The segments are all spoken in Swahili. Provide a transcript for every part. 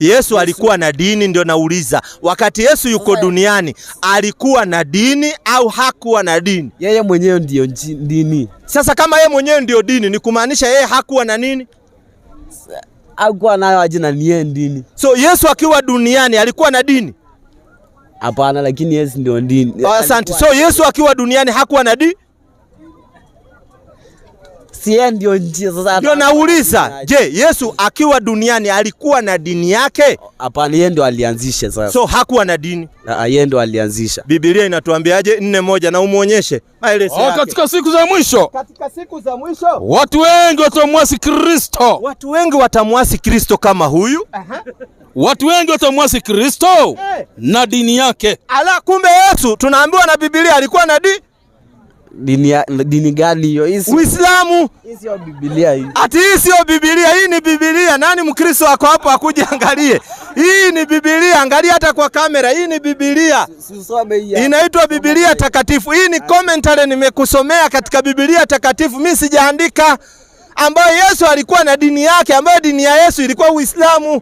Yesu alikuwa na dini? Ndio nauliza, wakati Yesu yuko duniani alikuwa na dini au hakuwa na dini? Yeye mwenyewe ndio dini. Sasa kama yeye mwenyewe ndiyo dini, ni kumaanisha yeye hakuwa na nini? Hakuwa nayo ajina niye dini. So Yesu akiwa duniani alikuwa na dini? Hapana, lakini Yesu ndio dini. Asante. So Yesu akiwa duniani hakuwa na dini? sie ndio njia sasa. Ndio nauliza, je, Yesu akiwa duniani alikuwa na dini yake? Hapana, yeye ndio alianzisha sasa. So hakuwa na dini. Na ah, yeye ndio alianzisha. Biblia inatuambiaje? nne moja na umuonyeshe maelezo oh, yake. Oh, katika siku za mwisho. Katika siku za mwisho watu wengi watamwasi Kristo. Watu wengi watamwasi Kristo kama huyu. Aha. Watu wengi watamwasi Kristo hey, eh. na dini yake. Ala, kumbe Yesu tunaambiwa na Biblia alikuwa na dini Dini, dini gani hiyo? Hizi Uislamu. Hii Biblia hii. Ati hii sio Biblia, hii ni Biblia. Nani Mkristo wako hapo akuje angalie? Hii ni Biblia, angalia hata kwa kamera. Hii ni Biblia. Inaitwa Biblia takatifu. Hii ni commentary nimekusomea katika Biblia takatifu. Mimi sijaandika ambayo Yesu alikuwa na dini yake ambayo dini ya Yesu ilikuwa Uislamu.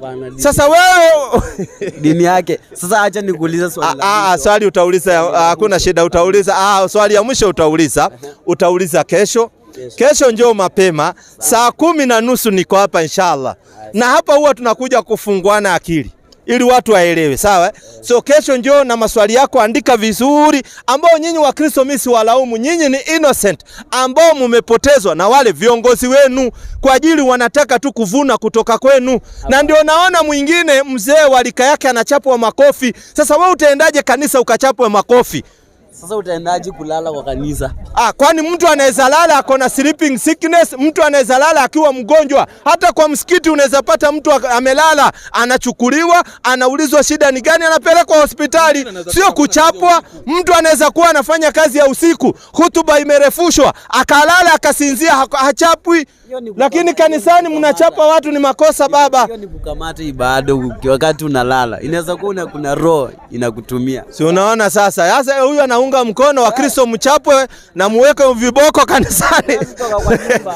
Hapana. Sasa wewe dini yake. Sasa acha nikuuliza swali. Ah, swali ah, utauliza, hakuna shida, utauliza. Ah, swali ya mwisho utauliza, utauliza kesho. Kesho njoo mapema saa kumi na nusu niko hapa inshallah, na hapa huwa tunakuja kufunguana akili ili watu waelewe, sawa. So kesho njoo na maswali yako, andika vizuri, ambao nyinyi wa Kristo, mimi walaumu nyinyi, ni innocent ambao mmepotezwa na wale viongozi wenu, kwa ajili wanataka tu kuvuna kutoka kwenu, na ndio naona mwingine mzee wa lika yake anachapwa makofi. Sasa wewe utaendaje kanisa ukachapwa makofi? Sasa utaendaje kulala kwa kanisa? Ah, kwani mtu anaweza lala ako na sleeping sickness, mtu anaweza lala akiwa mgonjwa. Hata kwa msikiti unaweza pata mtu amelala, anachukuliwa, anaulizwa shida ni gani, anapelekwa hospitali, sio kuchapwa. Mtu anaweza kuwa anafanya kazi ya usiku, hutuba imerefushwa, akalala akasinzia, hachapwi. Lakini kanisani mnachapa watu, ni makosa baba. Hiyo ni kukamata ibada wakati unalala, inaweza kuwa kuna roho inakutumia, si unaona? Sasa sasa huyu anaunga kuunga mkono kristo mchapwe na muweke viboko kanisani.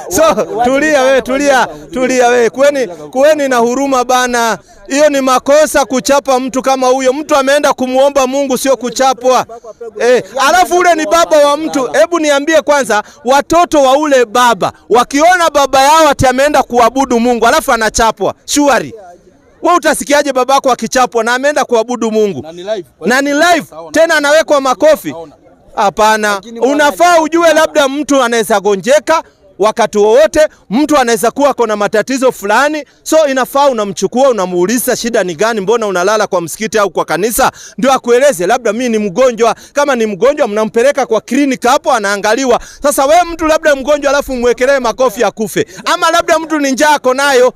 So tulia we, tulia, tulia we, kuweni, kuweni na huruma bana. Hiyo ni makosa kuchapa mtu kama huyo. Mtu ameenda kumwomba Mungu, sio kuchapwa eh. Alafu ule ni baba wa mtu. Hebu niambie kwanza, watoto wa ule baba wakiona baba yao ati ameenda kuabudu Mungu alafu anachapwa, shuari We utasikiaje babako akichapwa na ameenda kuabudu Mungu na ni live, tena anawekwa makofi? Hapana, unafaa ujue, labda mtu anaweza gonjeka wakati wowote, mtu anaweza kuwa kona matatizo fulani, so inafaa unamchukua, unamuuliza shida ni gani, mbona unalala kwa msikiti au kwa kanisa, ndio akueleze labda mi ni mgonjwa. Kama ni mgonjwa, mnampeleka kwa kliniki, hapo anaangaliwa. Sasa we mtu labda mgonjwa, alafu mwekelee makofi akufe, ama labda mtu ni njaa ako nayo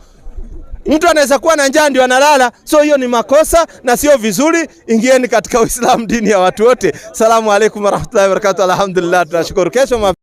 Mtu anaweza kuwa na njaa ndio analala, so hiyo ni makosa na sio vizuri. Ingieni katika Uislamu, dini ya watu wote. Salamu alaikum warahmatullahi wabarakatuh. Alhamdulillah, tunashukuru kesho